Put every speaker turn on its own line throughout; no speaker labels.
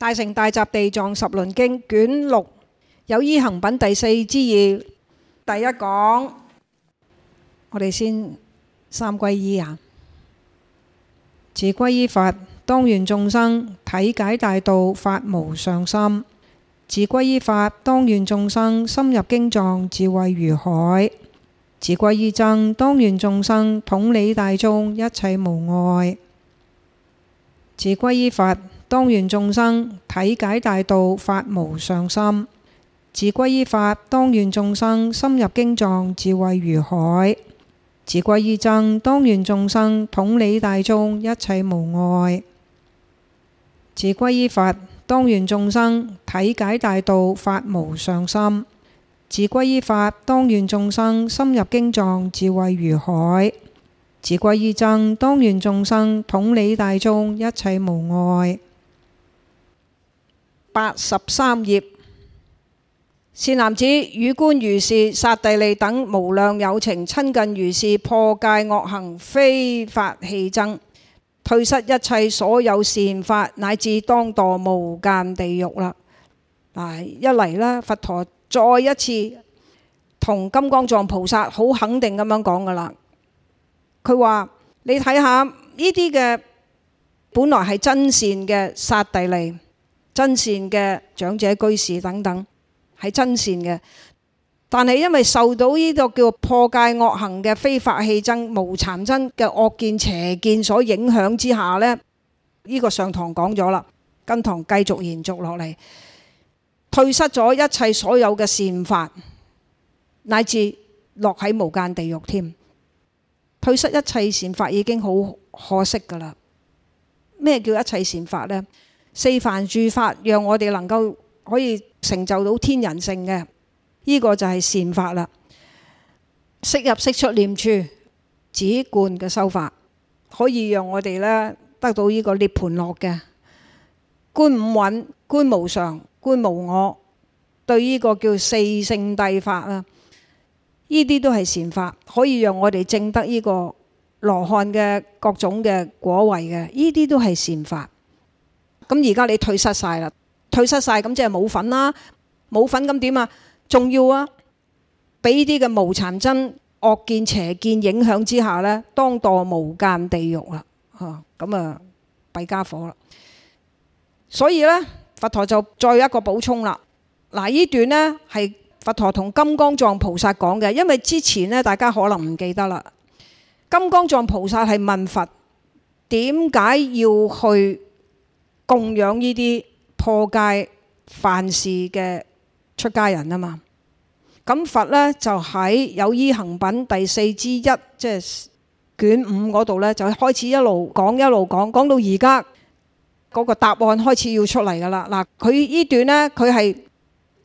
大乘大集地藏十輪經卷六，有依行品第四之二，第一講，我哋先三歸依啊！自歸依佛，當願眾生體解大道，發無上心；自歸依法，當願眾生深入經藏，智慧如海；自歸依僧，當願眾生統理大眾，一切無礙；自歸依佛。當願眾生體解大道，發無上心，自歸依法；當願眾生深入經藏，智慧如海；自歸依僧；當願眾生統理大眾，一切無礙；自歸依佛；當願眾生體解大道，發無上心，自歸依法；當願眾生深入經藏，智慧如海；自歸依僧；當願眾生統理大眾，一切無礙。八十三頁，善男子，汝觀如是剎帝利等無量有情，親近如是破戒惡行非法器僧，退失一切所有善法，乃至當墮無間地獄啦。一嚟啦，佛陀再一次同金剛藏菩薩好肯定咁樣講噶啦，佢話你睇下呢啲嘅本來係真善嘅剎帝利。真善嘅長者居士等等係真善嘅，但係因為受到呢個叫破戒惡行嘅非法器僧無殘真嘅惡見邪見所影響之下咧，呢、呢個上堂講咗啦，跟堂繼續延續落嚟，退失咗一切所有嘅善法，乃至落喺無間地獄添。退失一切善法已經好可惜噶啦，咩叫一切善法呢？四梵住法讓我哋能夠可以成就到天人性嘅，呢、呢個就係善法啦。識入識出念處止觀嘅修法，可以讓我哋咧得到呢個涅盤樂嘅。觀五蘊、觀無常、觀無我，對呢個叫四聖諦法啊，呢啲都係善法，可以讓我哋證得呢個羅漢嘅各種嘅果位嘅，呢啲都係善法。咁而家你退失曬啦，退失曬咁即係冇份啦，冇份咁點啊？仲要啊！俾啲嘅無殘真惡見邪見影響之下咧，當墮無間地獄啦，嚇咁啊，弊傢伙啦！所以咧，佛陀就再一個補充啦。嗱，呢段咧係佛陀同金剛藏菩薩講嘅，因為之前咧大家可能唔記得啦。金剛藏菩薩係問佛點解要去供養呢啲破戒犯事嘅出家人啊嘛，咁佛呢，就喺有依行品第四之一，即係卷五嗰度呢，就開始一路講一路講，講到而家嗰個答案開始要出嚟噶啦。嗱，佢呢段呢，佢係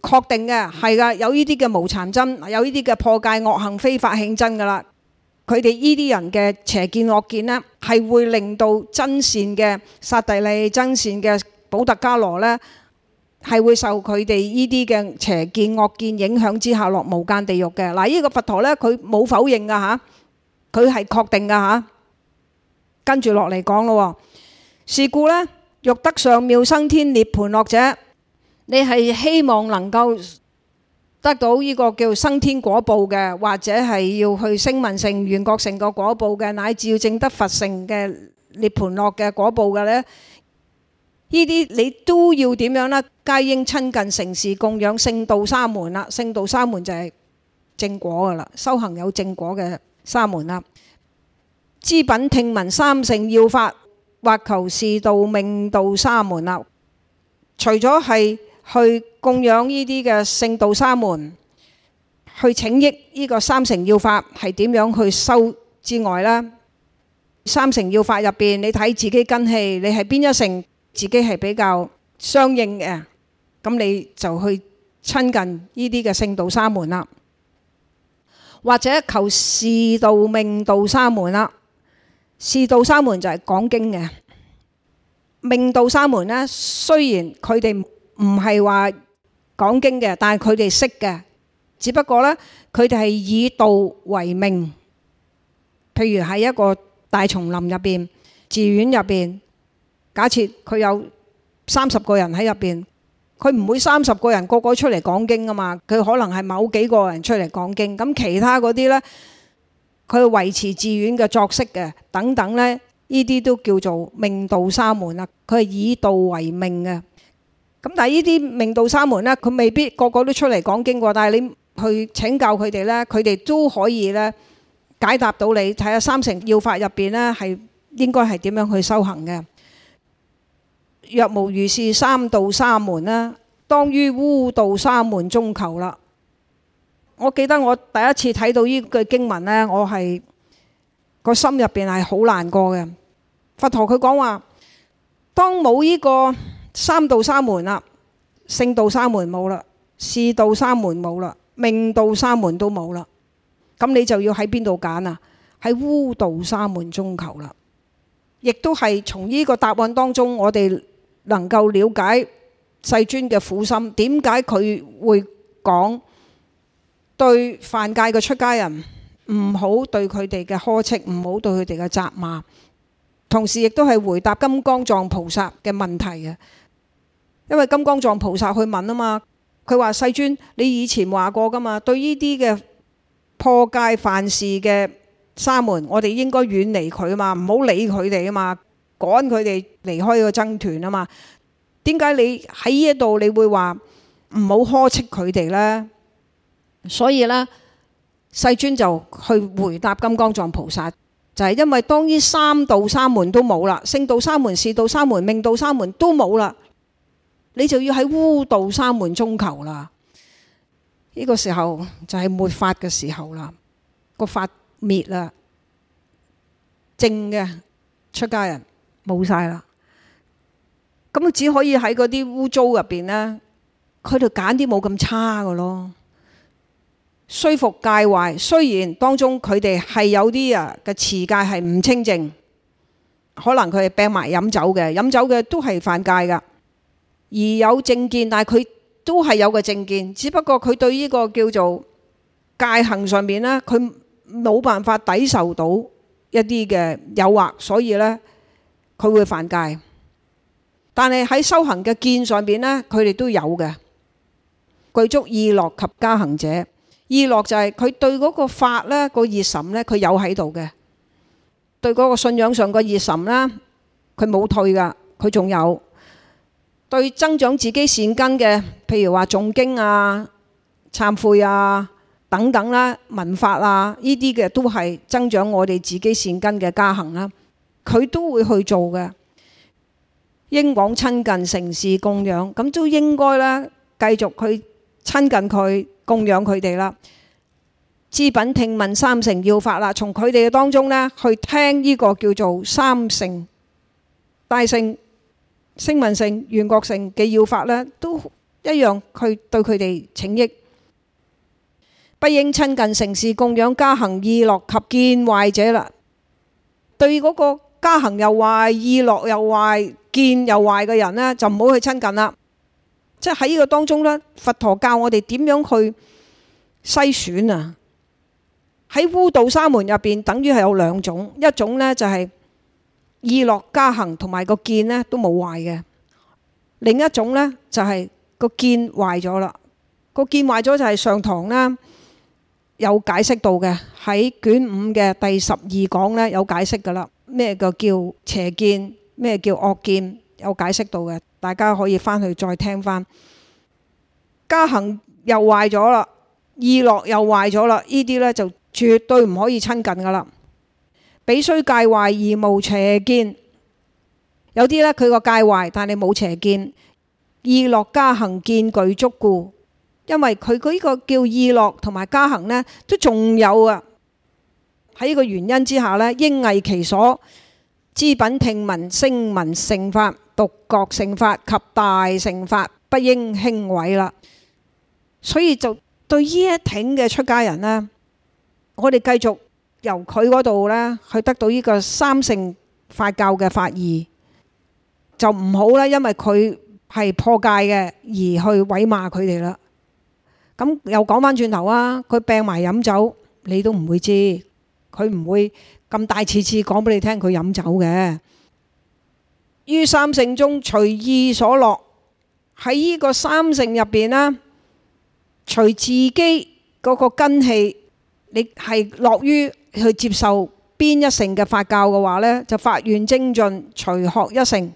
確定嘅，係噶，有呢啲嘅無慚僧，有呢啲嘅破戒惡行非法器僧噶啦。佢哋呢啲人嘅邪見惡見呢，係會令到真善嘅剎帝利、真善嘅補特伽羅呢，係會受佢哋呢啲嘅邪見惡見影響之下落無間地獄嘅。嗱，呢個佛陀呢，佢冇否認噶吓，佢係確定噶吓，跟住落嚟講咯，是故呢，欲得上妙生天涅槃樂者，你係希望能夠，得到呢個叫生天果報嘅，或者係要去聲聞乘、緣覺乘個果報嘅，乃至要證得佛乘嘅涅槃樂嘅果報嘅呢，呢啲你都要點樣呢？皆應親近承事供養聖，供養勝道沙門啦，勝道沙門就係正果㗎啦，修行有正果嘅沙門啦。諮稟聽聞三乘要法，或求示道、命道沙門啦。除咗係去供養呢啲嘅勝道沙門，去請益呢個三乘要法係點樣去修之外啦。三乘要法入邊，你睇自己根器，你係邊一乘自己係比較相應嘅，咁你就去親近呢啲嘅勝道沙門啦，或者求示道、命道、沙示道沙、命道沙門啦。示道沙門就係講經嘅，命道沙門呢，雖然佢哋，唔係話講經嘅，但係佢哋識嘅。只不過呢，佢哋係以道為命。譬如喺一個大叢林入邊、寺院入邊，假設佢有三十個人喺入邊，佢唔會三十個人個個出嚟講經㗎嘛。佢可能係某幾個人出嚟講經，咁其他嗰啲呢，佢維持寺院嘅作息嘅等等呢，呢啲都叫做命道沙門啦。佢係以道為命嘅。咁但係呢啲命道沙門咧，佢未必個個都出嚟講經過，但係你去請教佢哋咧，佢哋都可以咧解答到你。睇下三乘要法入面咧，係應該係點樣去修行嘅？若無如是三道沙門呢，當於污道沙門中求啦。我記得我第一次睇到呢句經文咧，我係個心入面係好難過嘅。佛陀佢講話，當冇呢、這個。三道沙門啦，勝道沙門冇啦，示道沙門冇啦，命道沙門都冇啦，咁你就要喺邊度揀啊？喺污道沙門中求啦，亦都係從呢個答案當中，我哋能夠了解世尊嘅苦心，點解佢會講對犯戒嘅出家人唔好對佢哋嘅呵斥，唔好對佢哋嘅責罵，同時亦都係回答金剛藏菩薩嘅問題因為金剛藏菩薩去問啊嘛，佢話：世尊，你以前話過噶嘛，對於呢啲嘅破戒犯事嘅沙門，我哋應該遠離佢啊嘛，唔好理佢哋啊嘛，趕佢哋離開個僧團啊嘛。點解你喺呢一度，你會話唔好呵斥佢哋呢？」所以呢，世尊就去回答金剛藏菩薩，就係因為當於三道沙門都冇啦，勝道沙門、示道沙門、命道沙門都冇啦。你就要喺污道沙門中求啦！呢個時候就係末法嘅時候啦，個法滅啦，正嘅出家人冇曬啦，咁只可以喺嗰啲污糟入邊呢，佢哋揀啲冇咁差嘅咯。雖復戒壞，雖然當中佢哋係有啲啊嘅持戒係唔清淨，可能佢係病埋飲酒嘅，飲酒嘅都係犯戒噶。而有正見，但係佢都係有個正見，只不過佢對呢個叫做戒行上面，呢佢冇辦法抵受到一啲嘅誘惑，所以呢，佢會犯戒。但係喺修行嘅見上面，呢佢哋都有嘅。具足意樂及加行者，意樂就係佢對嗰個法呢，個熱忱呢佢有喺度嘅。對嗰個信仰上嘅熱忱呢佢冇退噶，佢仲有。對增長自己善根嘅，譬如話誦經啊、懺悔啊等等啦、聞法啊呢啲嘅都係增長我哋自己善根嘅加行啦，佢都會去做嘅。應往親近承事供養，咁都應該啦，繼續去親近佢供養佢哋啦。諮稟聽聞三乘要法啦，從佢哋嘅當中咧去聽呢個叫做三乘大乘、聲聞乘、緣覺乘嘅要法呢，都一樣去對佢哋請益，不應親近承事供養加行意樂及見壞者啦。對嗰個加行又壞、意樂又壞、見又壞嘅人呢，就唔好去親近啦。即喺呢個當中呢，佛陀教我哋點樣去篩選啊？喺污道沙門入邊，等於係有兩種，一種呢，就係、是，意樂加行同埋個見呢都冇壞嘅，另一種呢就係個見壞咗啦。個見壞咗就係上堂啦，有解釋到嘅，喺卷五嘅第十二講呢有解釋噶啦。咩個叫邪見，咩叫惡見，有解釋到嘅，大家可以翻去再聽翻。加行又壞咗啦，意樂又壞咗啦，呢啲呢就絕對唔可以親近噶啦。彼雖戒壞而無邪見，有啲呢，佢個戒壞，但係冇邪見。意樂加行見具足故，因為佢佢呢個叫意樂同埋加行呢，都仲有啊。喺呢個原因之下呢，應詣其所諮稟聽聞聲聞乘法獨覺乘法及大乘法，不應輕毀啦。所以就對呢一挺嘅出家人呢，我哋繼續。由佢嗰度咧，去得到呢個三乘法教嘅法義就唔好啦，因為佢係破戒嘅，而去毀罵佢哋啦。咁又講翻轉頭啊，佢病埋飲酒，你都唔會知道，佢唔會咁大次次講俾你聽佢飲酒嘅。於三乘中隨意所樂，喺呢個三乘入邊啦，隨自己嗰個根氣，你係樂於，去接受邊一乘嘅法教嘅話呢，就發願精進，隨學一乘，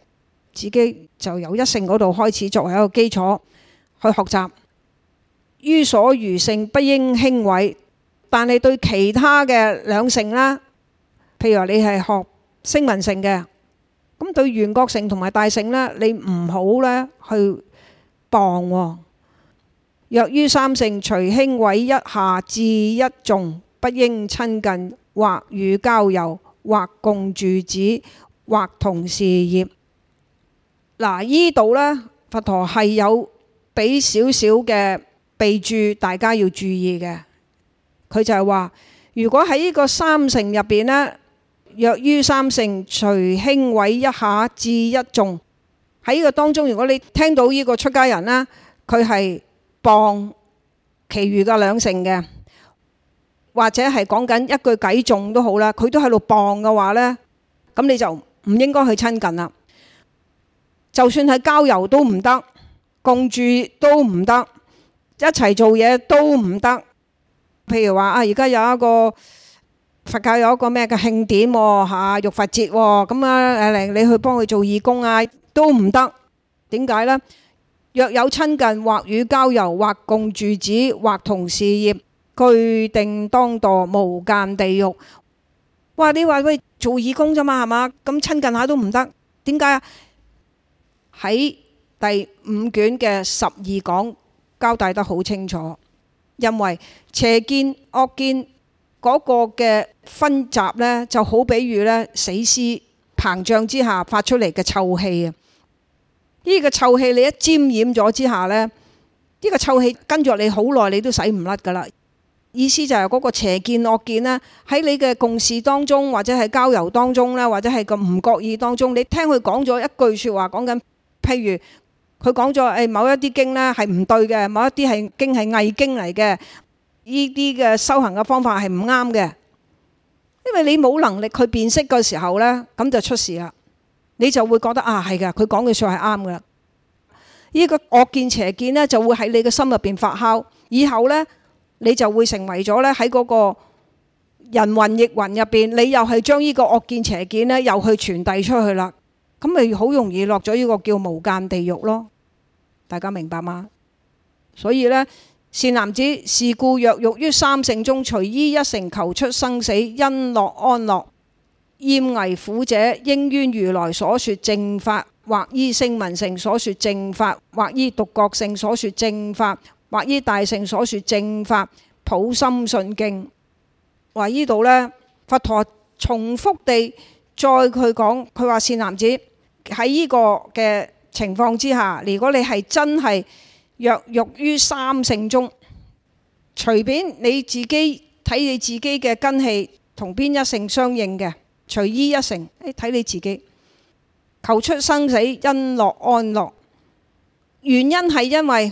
自己就由一乘嗰度開始作為一個基礎去學習。於所餘乘不應輕毀，但係對其他嘅兩乘啦，譬如你係學聲聞乘嘅，咁對緣覺乘同埋大乘呢，你唔好呢去謗喎。若於三乘隨輕毀一下至一頌。不應親近或與交遊，或共住止，或同事業。嗱、啊，呢度呢，佛陀係有俾少少嘅備註，大家要注意嘅。佢就係話，如果喺呢個三乘入邊呢，若於三乘隨輕毀一下至一頌，喺呢個當中，如果你聽到呢個出家人呢，佢係謗其餘嘅兩乘嘅。或者係講緊一句偈頌都好啦，佢都喺度謗嘅話呢，咁你就唔應該去親近啦。就算係交遊都唔得，共住都唔得，一齊做嘢都唔得。譬如話啊，而家有一個佛教有一個咩嘅慶典喎、啊，嚇、啊、浴佛節喎、啊，咁啊誒，你去幫佢做義工啊都唔得。點解呢？若有親近或與交遊或共住止，或同事業。決定當墮無間地獄。哇！你話喂，做義工咋嘛係咪？咁親近下都唔得，點解啊？喺第五卷嘅十二講交代得好清楚，因為邪見惡見嗰個嘅分集呢，就好，比喻呢死屍膨脹之下發出嚟嘅臭氣啊！呢、這個臭氣你一沾染咗之下呢，呢、這個臭氣跟住你好耐，你都洗唔甩噶啦。意思就係嗰個邪見惡見咧，喺你嘅共事當中，或者係交遊當中咧，或者係個唔覺意當中，你聽佢講咗一句説話，講緊譬如佢講咗誒某一啲經咧係唔對嘅，某一啲係經係偽經嚟嘅，呢啲嘅修行嘅方法係唔啱嘅，因為你冇能力去辨識嘅時候咧，咁就出事啦，你就會覺得啊係嘅，佢講嘅説係啱㗎喇，呢個惡見邪見咧就會喺你嘅心入邊發酵，以後咧。你就會成為咗咧，喺嗰個人云亦云入邊，你又係將呢個惡見邪見咧，又去傳遞出去啦。咁咪好容易落咗呢個叫無間地獄咯。大家明白嗎？所以呢，善男子，是故若欲於三乘中，隨依一乘，求出生死，欣樂安樂，厭危苦者，應於如來所說正法，或依聲聞乘所說正法，或依獨覺乘所說正法。或依大乘所說正法，普深信敬。話依度呢，佛陀重複地再佢講，佢話善男子，喺呢個嘅情況之下，如果你係真係若欲於三乘中，隨便你自己睇你自己嘅根器同邊一乘相應嘅，隨依一乘，誒睇你自己求出生死、欣樂安樂，原因係因為。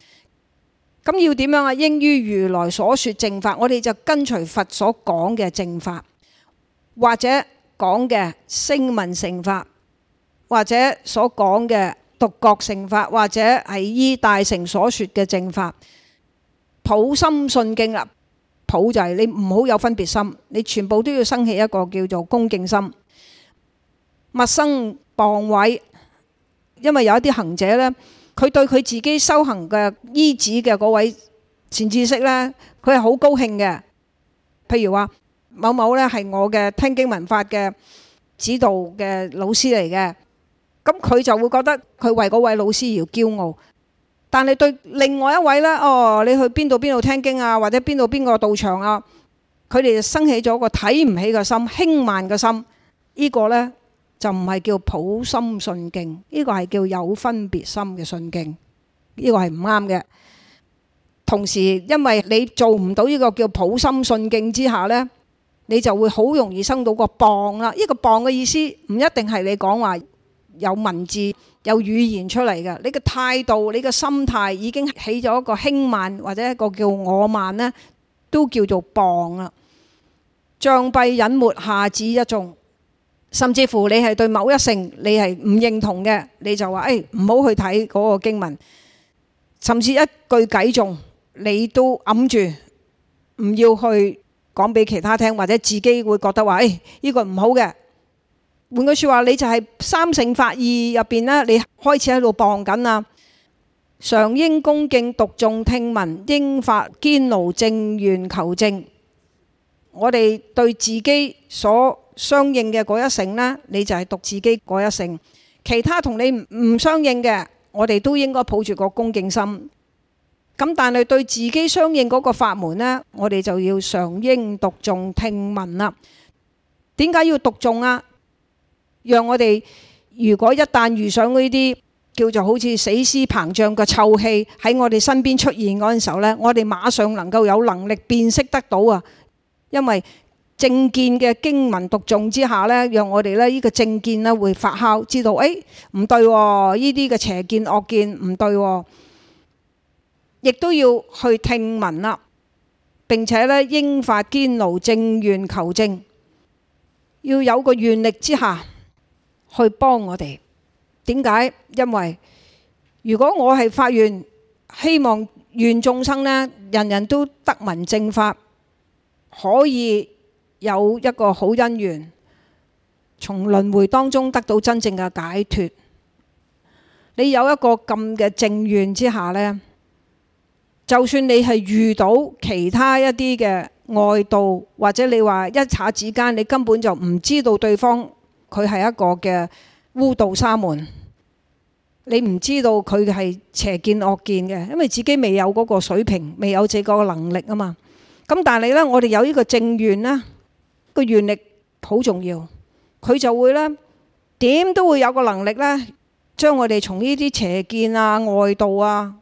咁要點樣啊？應於如來所説正法，我哋就跟隨佛所講嘅正法，或者講嘅聲聞乘法，或者所講嘅獨覺乘法，或者係依大乘所説嘅正法，普深信敬啊！普就係你唔好有分別心，你全部都要生起一個叫做恭敬心，勿生謗毀，因為有一啲行者呢。佢對佢自己修行嘅依止嘅嗰位善知識呢，佢係好高興嘅。譬如話某某呢係我嘅聽經聞法嘅指導嘅老師嚟嘅，咁佢就會覺得佢為嗰位老師而驕傲。但係對另外一位呢，哦，你去邊度邊度聽經啊，或者邊度邊個道場啊，佢哋就生起咗個睇唔起嘅心、輕慢嘅心，呢個呢。就唔係叫普深信敬，呢、這個係叫有分別心嘅信敬，呢、這個係唔啱嘅。同時，因為你做唔到呢個叫普深信敬之下呢，你就會好容易生到一個謗啦。呢、這個謗嘅意思唔一定係你講話有文字、有語言出嚟嘅，你嘅態度、你嘅心態已經起咗一個輕慢或者一個叫我慢呢，都叫做謗啦。障蔽隱沒下至一頌。甚至乎你係對某一乘你係唔認同嘅，你就話誒唔好去睇嗰個經文，甚至一句偈頌你都揞住，唔要去講俾其他聽，或者自己會覺得話誒呢個唔好嘅。換句說話，你就係三乘法義入邊咧，你開始喺度謗緊啦。常應恭敬讀誦聽聞，應發堅牢正願求證。我哋對自己所相應嘅嗰一乘呢，你就係讀自己嗰一乘，其他同你唔唔相應嘅，我哋都應該抱住個恭敬心。咁但係對自己相應嗰個法門呢，我哋就要常應讀誦聽聞啦。點解要讀誦啊？讓我哋如果一旦遇上呢啲叫做好似死屍膨脹嘅臭氣喺我哋身邊出現嗰陣時候呢，我哋馬上能夠有能力辨識得到啊，因為，正見嘅經文讀誦之下呢，讓我哋咧，呢個正見咧會發酵，知道誒唔、哎、對呢啲嘅邪見惡見唔對、哦，亦都要去聽聞啦，並且呢，應發堅牢正願求證，要有個願力之下去幫我哋。點解？因為如果我係法院，希望願眾生呢，人人都得聞正法可以。有一個好因緣，從輪迴當中得到真正嘅解脫。你有一個咁嘅正願之下呢，就算你係遇到其他一啲嘅外道，或者你話一剎那之間，你根本就唔知道對方佢係一個嘅污道沙門，你唔知道佢係邪見惡見嘅，因為自己未有嗰個水平，未有這個能力啊嘛。咁但係呢，我哋有呢個正願呢個願力，好重要，佢就會咧，點都會有個能力咧，將我哋從呢啲邪見啊、外道啊，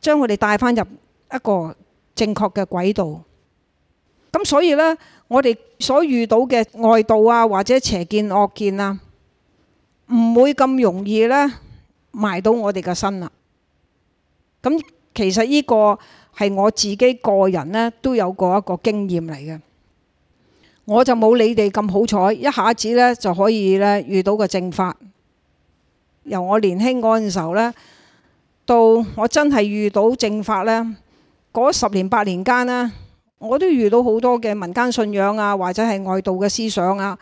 將我哋帶翻入一個正確嘅軌道。咁所以咧，我哋所遇到嘅外道啊，或者邪見、惡見啊，唔會咁容易咧，埋到我哋嘅身啦。咁其實呢個係我自己個人咧都有過一個經驗嚟嘅。我就冇你哋咁好彩，一下子呢就可以呢遇到個正法。由我年輕嗰陣時候呢，到我真係遇到正法呢，嗰十年八年間呢，我都遇到好多嘅民間信仰啊，或者係外道嘅思想啊，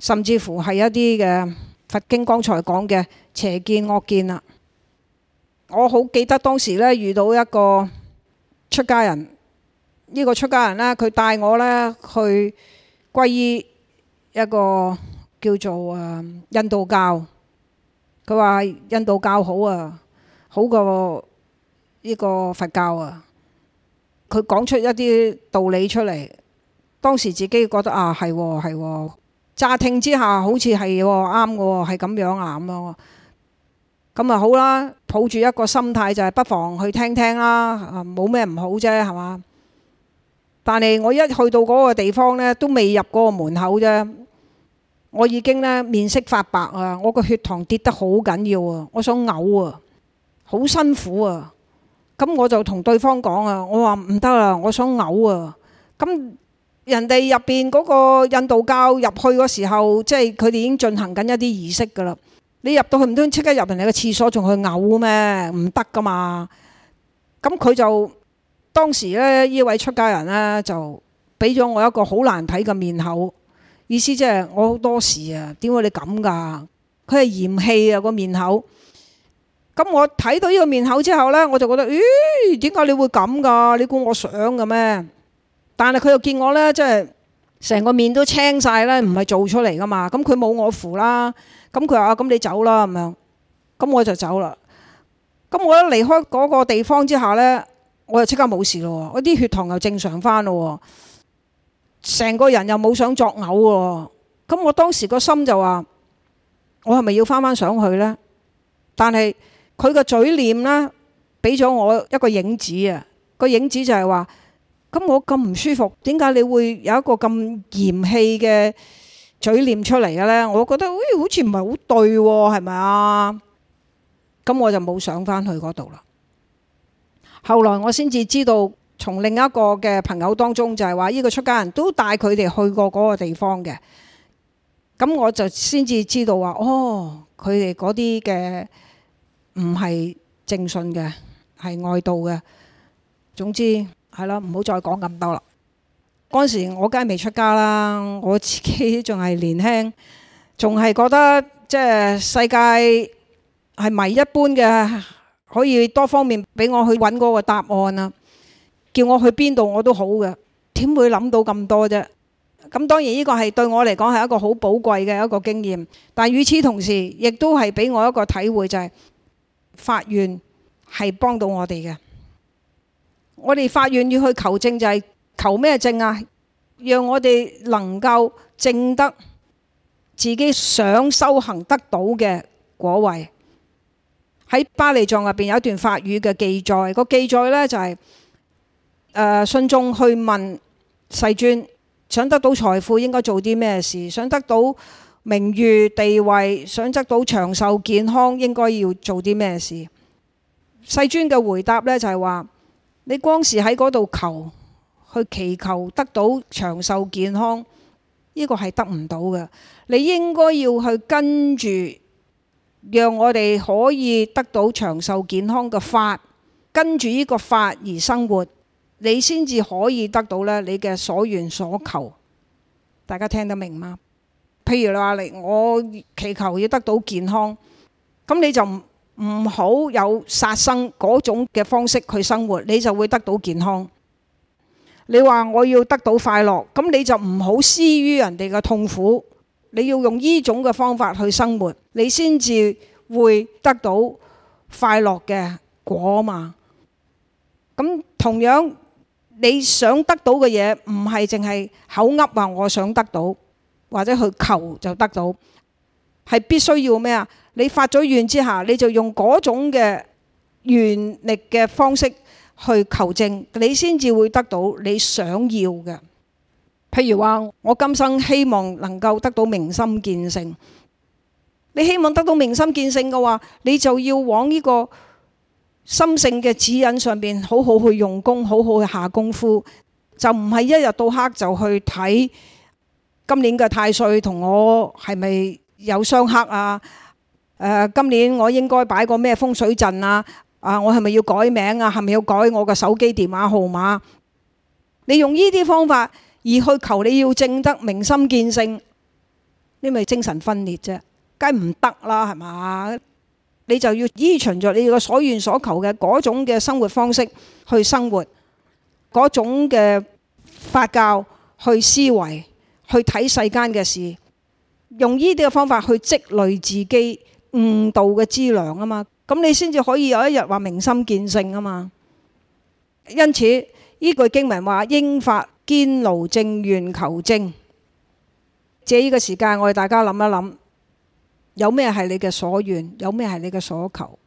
甚至乎係一啲嘅佛經剛才講嘅邪見惡見啊。我好記得當時呢遇到一個出家人。呢個出家人呢，佢帶我呢去皈依一個叫做誒印度教。佢話印度教好啊，好過呢個佛教啊。佢講出一啲道理出嚟，當時自己覺得啊，係係哦，乍聽之下好似係啱嘅，係咁樣啊咁咯。咁啊好啦，抱住一個心態就係不妨去聽聽啦，冇咩唔好啫，係嘛？但係我一去到嗰個地方呢，都未入嗰個門口啫，我已經呢面色發白啊！我個血糖跌得好緊要啊！我想嘔啊，好辛苦啊！咁我就同對方講啊，我話唔得啊，我想嘔啊！咁人哋入邊嗰個印度教入去嗰時候，即係佢哋已經進行緊一啲儀式㗎啦。你入到去唔通即刻入人哋個廁所仲去嘔咩？唔得㗎嘛！咁佢就。當時咧，呢位出家人咧就俾咗我一個好難睇嘅面口，意思即係我好多事啊，點解你咁噶？佢係嫌棄啊，個面口。咁我睇到呢個面口之後咧，我就覺得咦，點解你會咁噶？你估我想嘅咩？但係佢又見我咧，即係成個面都青晒咧，唔係做出嚟噶嘛。咁佢冇我扶啦，咁佢話啊，咁你走啦咁樣。咁我就走啦。咁我一離開嗰個地方之下咧。我又即刻冇事咯，我啲血糖又正常翻咯，成個人又冇想作嘔喎。咁我當時個心就話：「我係咪要翻翻上去呢？」但係佢個嘴臉呢，俾咗我一個影子啊。個影子就係話：「咁我咁唔舒服，點解你會有一個咁嫌棄嘅嘴臉出嚟嘅呢？」我覺得好似唔係好對喎，係咪啊？咁我就冇上翻去嗰度啦。後來我先至知道，從另一個嘅朋友當中，就係話呢個出家人都帶佢哋去過嗰個地方嘅。咁我就先至知道話，哦，佢哋嗰啲嘅唔係正信嘅，係外道嘅。總之係咯，唔好再講咁多啦。嗰時我梗係未出家啦，我自己仲係年輕，仲係覺得即係世界係咪一般嘅。可以多方面俾我去揾嗰個答案啊，叫我去邊度我都好嘅，點會諗到咁多啫？咁當然呢個係對我嚟講係一個好寶貴嘅一個經驗，但與與此同時，亦都係俾我一個體會，就係，就係法院係幫到我哋嘅。我哋法院要去求證，就係求咩證啊？讓我哋能夠證得自己想修行得到嘅果位。喺巴利藏入邊有一段法語嘅記載，個記載呢就係誒信眾去問世尊，想得到財富應該做啲咩事，想得到名譽地位，想得到長壽健康應該要做啲咩事。世尊嘅回答呢就係話，你光是喺嗰度求去祈求得到長壽健康，呢個係得唔到嘅，你應該要去跟住。讓我哋可以得到長壽健康嘅法，跟住呢個法而生活，你先至可以得到咧你嘅所願所求。大家聽得明嗎？譬如你話你我祈求要得到健康，咁你就唔好有殺生嗰種嘅方式去生活，你就會得到健康。你話我要得到快樂，咁你就唔好施於人哋嘅痛苦。你要用依種嘅方法去生活，你先至會得到快樂嘅果啊嘛。咁同樣你想得到嘅嘢，唔係淨係口噏話我想得到，或者去求就得到，係必須要咩啊？你發咗願之下，你就用嗰種嘅願力嘅方式去求證，你先至會得到你想要嘅。譬如話，我今生希望能夠得到明心見性。你希望得到明心見性嘅話，你就要往呢個心性嘅指引上邊好好去用功，好好去下功夫，就唔係一日到黑就去睇今年嘅太歲同我係咪有相克啊？呃，今年我應該擺個咩風水陣啊？啊，我係咪要改名啊？係咪要改我嘅手機電話號碼？你用呢啲方法，而去求你要正得明心見性，你咪精神分裂啫，梗唔得啦，係嘛？你就要依循着你個所願所求嘅嗰種嘅生活方式去生活，嗰種嘅法教去思維，去睇世間嘅事，用呢啲嘅方法去積累自己悟道嘅資糧啊嘛，咁、嗯、你先至可以有一日話明心見性啊嘛。因此依句經文話應發。」堅牢正願求證，借呢個時間，我哋大家諗一諗，有咩係你嘅所願，有咩係你嘅所求。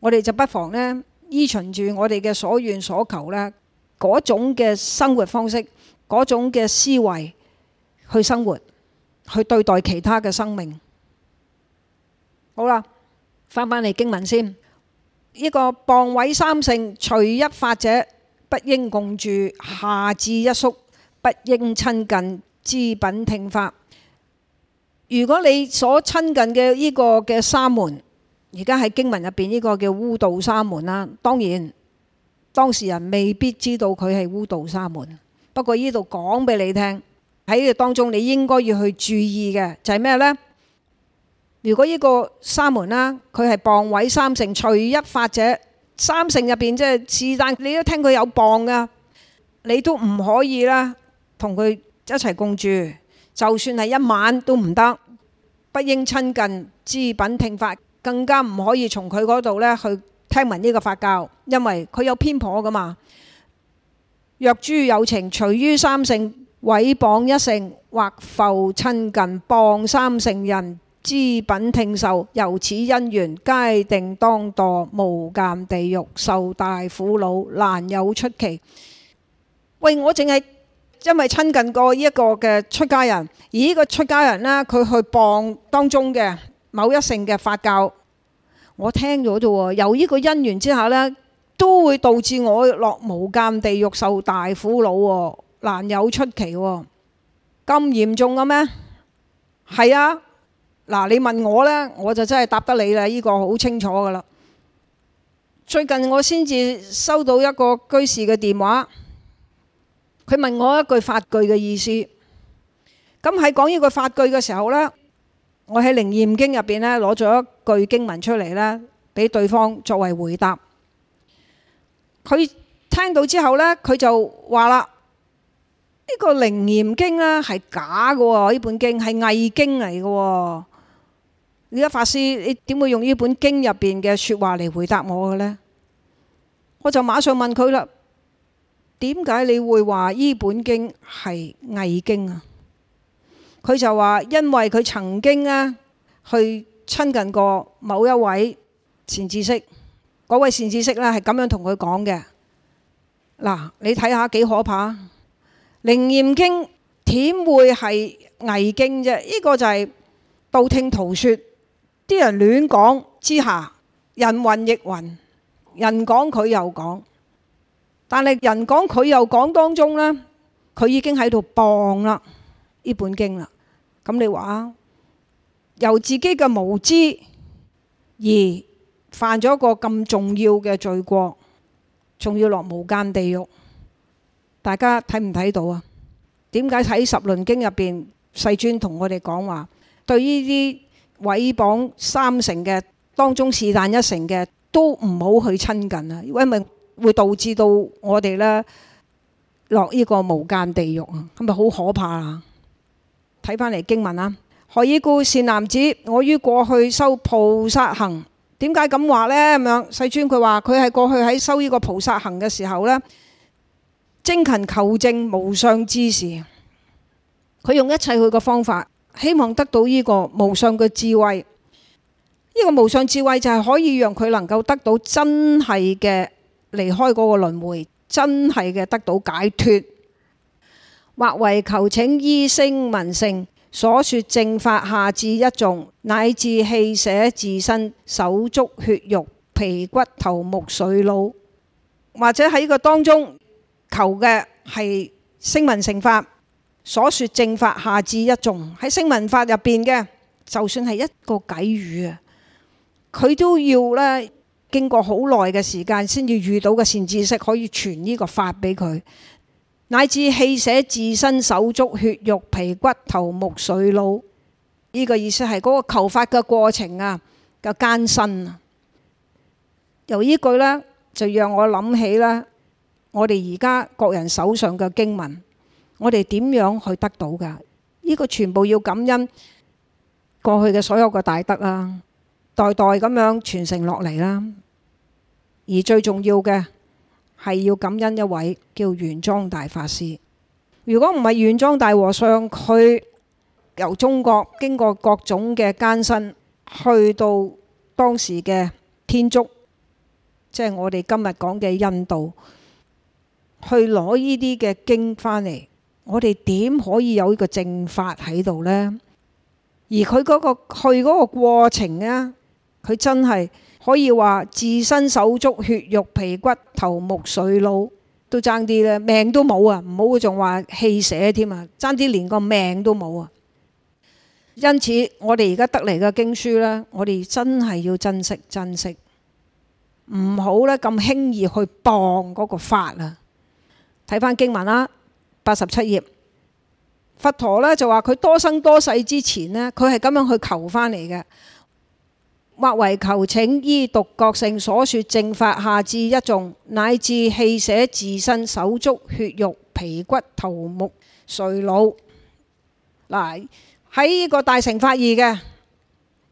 我哋就不妨咧依循住我哋嘅所願所求咧，嗰種嘅生活方式，嗰種嘅思維去生活，去對待其他嘅生命。好啦，翻翻嚟經文先，呢個謗毀三乘隨一法者。不應共住，下至一宿；不應親近，諮稟聽法。如果你所親近嘅呢個嘅沙門，而家喺經文入邊呢個叫「污道沙門」啦，當然當事人未必知道佢係污道沙門。不過呢度講俾你聽，喺呢度當中你應該要去注意嘅就係咩呢？如果呢個沙門啦，佢係謗毀三乘隨一法者。三乘入面，即是但你都聽佢有謗嘅，你都唔可以啦，同佢一齊共住，就算係一晚都唔得，不應親近諮稟聽法，更加唔可以從佢嗰度呢去聽聞呢個法教，因為佢有偏頗㗎嘛。若諸有情隨於三乘毀謗一乘，或復親近謗三乘人。諮稟聽受，由此因緣，皆定當墮無間地獄，受大苦惱，難有出期。喂，我淨係因為親近過呢一個嘅出家人，而呢個出家人呢，佢去謗當中嘅某一乘嘅法教，我聽咗啫。由呢個因緣之下呢，都會導致我落無間地獄，受大苦惱，難有出期。咁嚴重嘅咩？係啊。嗱，你問我呢，我就真係答得你啦！呢個好清楚噶啦。最近我先至收到一個居士嘅電話，佢問我一句法句嘅意思。咁喺講呢句法句嘅時候呢，我喺《楞嚴經》入邊呢攞咗一句經文出嚟呢，俾對方作為回答。佢聽到之後呢，佢就話啦：呢個《楞嚴經》呢係假嘅喎，呢本經係偽經嚟嘅喎。而家法師，你點會用呢本經入邊嘅説話嚟回答我嘅呢？我就馬上問佢啦：點解你會話呢本經係偽經啊？佢就話：因為佢曾經咧去親近過某一位善知識嗰位善知識呢係咁樣同佢講嘅嗱。你睇下幾可怕，楞嚴經點會係偽經啫？呢個就係道聽途說。啲人亂講之下，人云亦云，人講佢又講，但係人講佢又講當中呢，佢已經喺度謗啦呢本經啦。咁你話啊，由自己嘅無知而犯咗個咁重要嘅罪過，仲要落無間地獄，大家睇唔睇到啊？點解喺十輪經入面，世尊同我哋講話對於呢啲，毀謗三乘嘅，當中是但一乘嘅，都唔好去親近啊！因為會導致到我哋呢落呢個無間地獄啊！咁咪好可怕啊！睇翻嚟經文啊，何以故，善男子？我於過去修菩薩行，點解咁話呢？咁樣世尊佢話，佢係過去喺修呢個菩薩行嘅時候呢，精勤求證無上智時，佢用一切佢嘅方法。希望得到呢個無上嘅智慧，呢、這個無上智慧就係可以讓佢能夠得到真係嘅離開嗰個輪回，真係嘅得到解脫。或為求請依聲聞乘，所說正法下至一頌，乃至棄捨自身手足血肉皮骨頭目髓腦，或者喺個當中求嘅係聲聞乘法。所説正法下至一頌，喺聲聞法入邊嘅，就算係一個偈語啊，佢都要咧經過好耐嘅時間，先至遇到嘅善知識可以傳呢個法俾佢，乃至棄捨自身手足血肉皮骨頭目髓腦，呢、這個意思係嗰個求法嘅過程啊嘅艱辛啊。由呢句呢，就讓我諗起咧，我哋而家各人手上嘅經文。我哋點樣去得到㗎？呢個全部要感恩過去嘅所有嘅大德啊，代代咁樣傳承落嚟啦。而最重要嘅係要感恩一位叫玄奘大法師。如果唔係玄奘大和尚，佢由中國經過各種嘅艱辛，去到當時嘅天竺，即係我哋今日講嘅印度，去攞呢啲嘅經返嚟。我哋點可以有呢個正法喺度呢？而佢嗰、嗰個去嗰個過程啊，佢真係可以話自身手足血肉皮骨頭目髓腦都爭啲咧，命都冇啊！唔好仲話棄捨添啊，爭啲連個命都冇啊！因此我，我哋而家得嚟嘅經書呢，我哋真係要珍惜珍惜，唔好呢咁輕易去謗嗰個法啊！睇翻經文啦。八十七頁，佛陀呢就話佢多生多世之前呢，佢係咁樣去求返嚟嘅。或為求請依獨覺乘所說正法，下至一頌，乃至棄捨自身手足血肉皮骨頭目髓腦。嗱，喺呢個大乘法義嘅，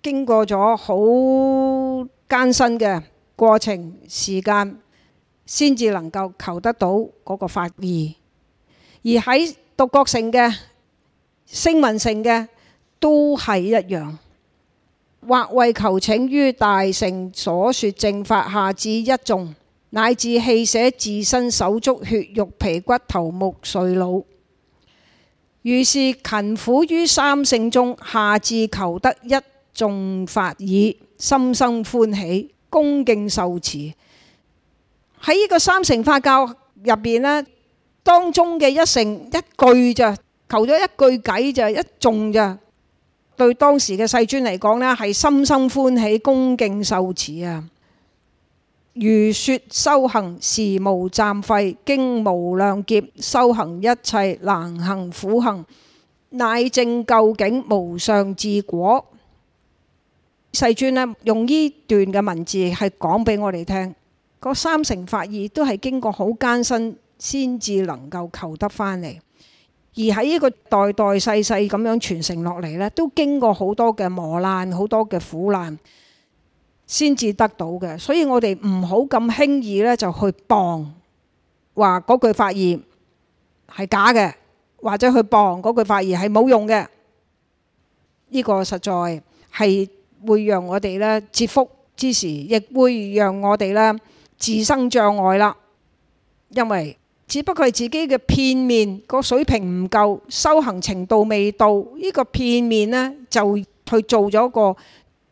經過咗好艱辛嘅過程時間，先至能夠求得到嗰個法義。而喺獨覺乘嘅、聲聞乘嘅，都係一樣。或為求請於大乘所說正法，下至一頌，乃至棄捨自身手足血肉皮骨頭目髓腦。於是勤苦於三乘中，下至求得一頌法已，心生歡喜，恭敬受持。喺呢個三乘法教入邊咧。當中嘅一乘一句就求咗一句偈，就一頌就，對當時嘅世尊嚟講咧，係深生歡喜，恭敬受持啊！如說修行時，無暫廢，經無量劫修行一切難行苦行，乃證究竟無上智果。世尊咧用呢段嘅文字係講俾我哋聽，嗰三乘法義都係經過好艱辛。先至能夠求得返嚟，而喺呢個代代世世咁樣傳承落嚟呢，都經過好多嘅磨難、好多嘅苦難，先至得到嘅。所以我哋唔好咁輕易呢就去謗話嗰句法言係假嘅，或者去謗嗰句法言係冇用嘅。呢個實在係會讓我哋呢折福之時，亦會讓我哋呢自生障礙啦，因為。只不過係自己嘅片面，個水平唔夠，修行程度未到，呢、這個片面呢，就去做咗個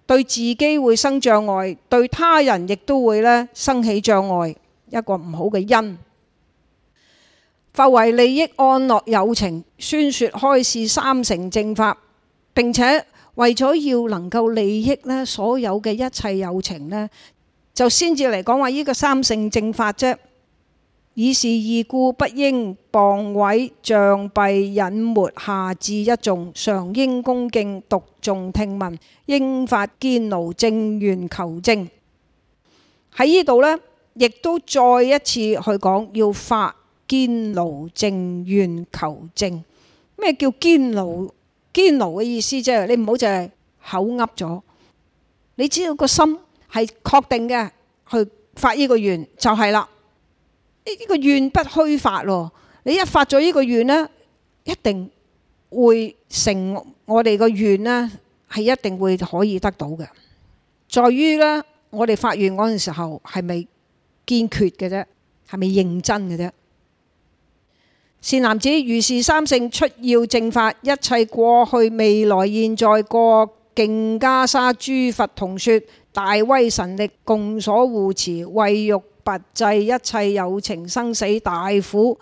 對自己會生障礙，對他人亦都會呢生起障礙，一個唔好嘅因。復為利益、安樂、有情，宣説開示三乘正法，並且為咗要能夠利益呢所有嘅一切有情呢，就先至嚟講話呢個三乘正法啫。以是義故，不應謗毀障蔽隱沒下至一頌，常應恭敬讀誦聽聞，應發堅牢正願求證。喺呢度呢，亦都再一次去講，要發堅牢正願求證。咩叫堅牢？堅牢嘅意思即係，你唔好淨係口噏咗。你只要個心係確定嘅，去發呢個願就係啦。呢，呢個願不虛發咯！你一發咗呢個願，呢一定會成，我哋個願，呢係一定會可以得到嘅。在於呢，我哋發願嗰陣時候係咪堅決嘅啫？係咪認真嘅啫？善男子，如是三乘出要正法，一切過去、未來、現在過殑伽沙，諸佛同說大威神力共所護持，為欲。拔濟一切有情生死大苦，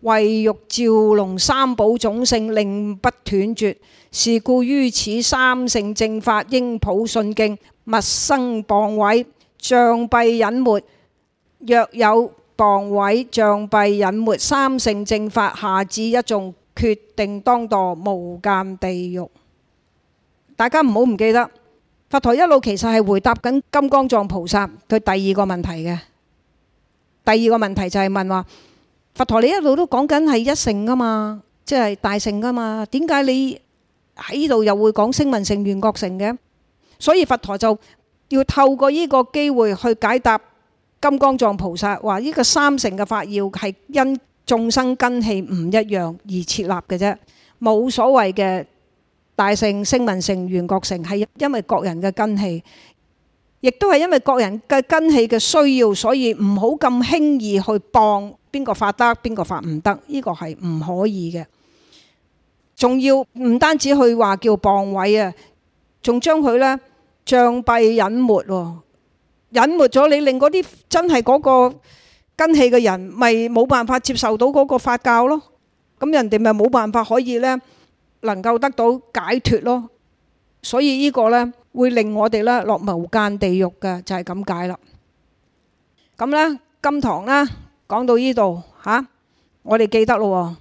為欲紹隆三寶種性，令不斷絕。是故於此三乘正法，應普信敬，勿生謗毀障蔽隱沒。若有謗毀障蔽隱沒三乘正法下，下至一頌決定當墮無間地獄。大家唔好唔記得，佛陀一路其實係回答緊金剛藏菩薩佢第二個問題嘅。第二個問題就係問話佛陀，你一路都講緊係一乘噶嘛，即係大乘噶嘛，點解你喺呢度又會講聲聞乘、圓覺乘嘅？所以佛陀就要透過呢個機會去解答金剛藏菩薩，話呢個三乘嘅法要係因眾生根氣唔一樣而設立嘅啫，冇所謂嘅大乘、聲聞乘、圓覺乘係因為各人嘅根氣。亦都係因為各人嘅根氣嘅需要，所以唔好咁輕易去謗邊個法得，邊個法唔得？依個係唔可以嘅。仲要唔單止去話叫謗毀啊，仲將佢咧障蔽隱沒喎，隱沒咗你，令嗰啲真係嗰個根氣嘅人，咪冇辦法接受到嗰個法教咯。咁人哋咪冇辦法可以咧，能夠得到解脫咯。所以依個咧。會令我哋咧落無間地獄嘅，就係咁解啦。咁咧，今堂咧講到依度嚇，我哋記得咯。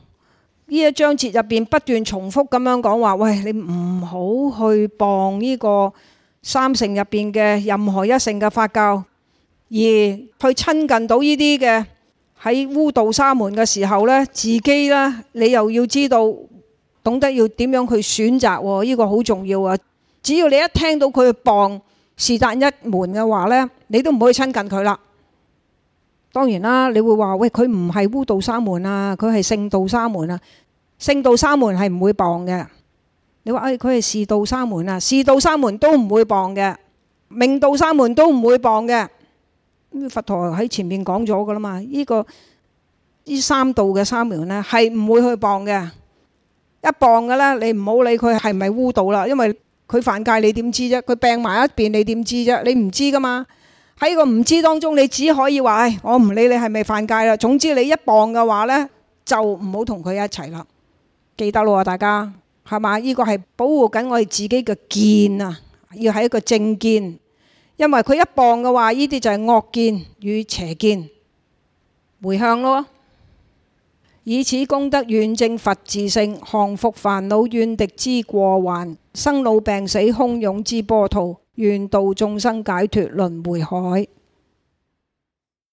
依一章節入邊不斷重複咁樣講話，喂，你唔好去傍依個三乘入邊嘅任何一乘嘅法教，而去親近到依啲嘅喺污道沙門嘅時候咧，自己咧，你又要知道懂得要點樣去選擇，依個好重要啊！只要你一聽到佢去謗是但一門嘅話咧，你都唔可以親近佢啦。當然啦，你會話，喂，佢唔係污道沙門啊，佢係聖道沙門啊。聖道沙門係唔會謗嘅。你話誒，佢係示道沙門啊，示道沙門都唔會謗嘅，命道沙門都唔會謗嘅。佛陀喺前面講咗噶啦嘛，呢個呢三道嘅沙門咧係唔會去謗嘅。一謗噶啦，你唔好理佢係唔係污道啦，因為。佢犯戒你你，你點知啫？佢病埋一邊，你點知啫？你唔知噶嘛？喺個唔知當中，你只可以話：，唉、哎，我唔理你係咪犯戒啦。總之你一謗嘅話呢，就唔好同佢一齊啦。記得咯，大家係嘛？呢、這個係保護緊我哋自己嘅見啊，要係一個正見，因為佢一謗嘅話，呢啲就係惡見與邪見回向咯。以此功德願證佛智性，降伏煩惱怨敵之過患，生老病死洶湧之波濤，願度眾生解脫輪回海。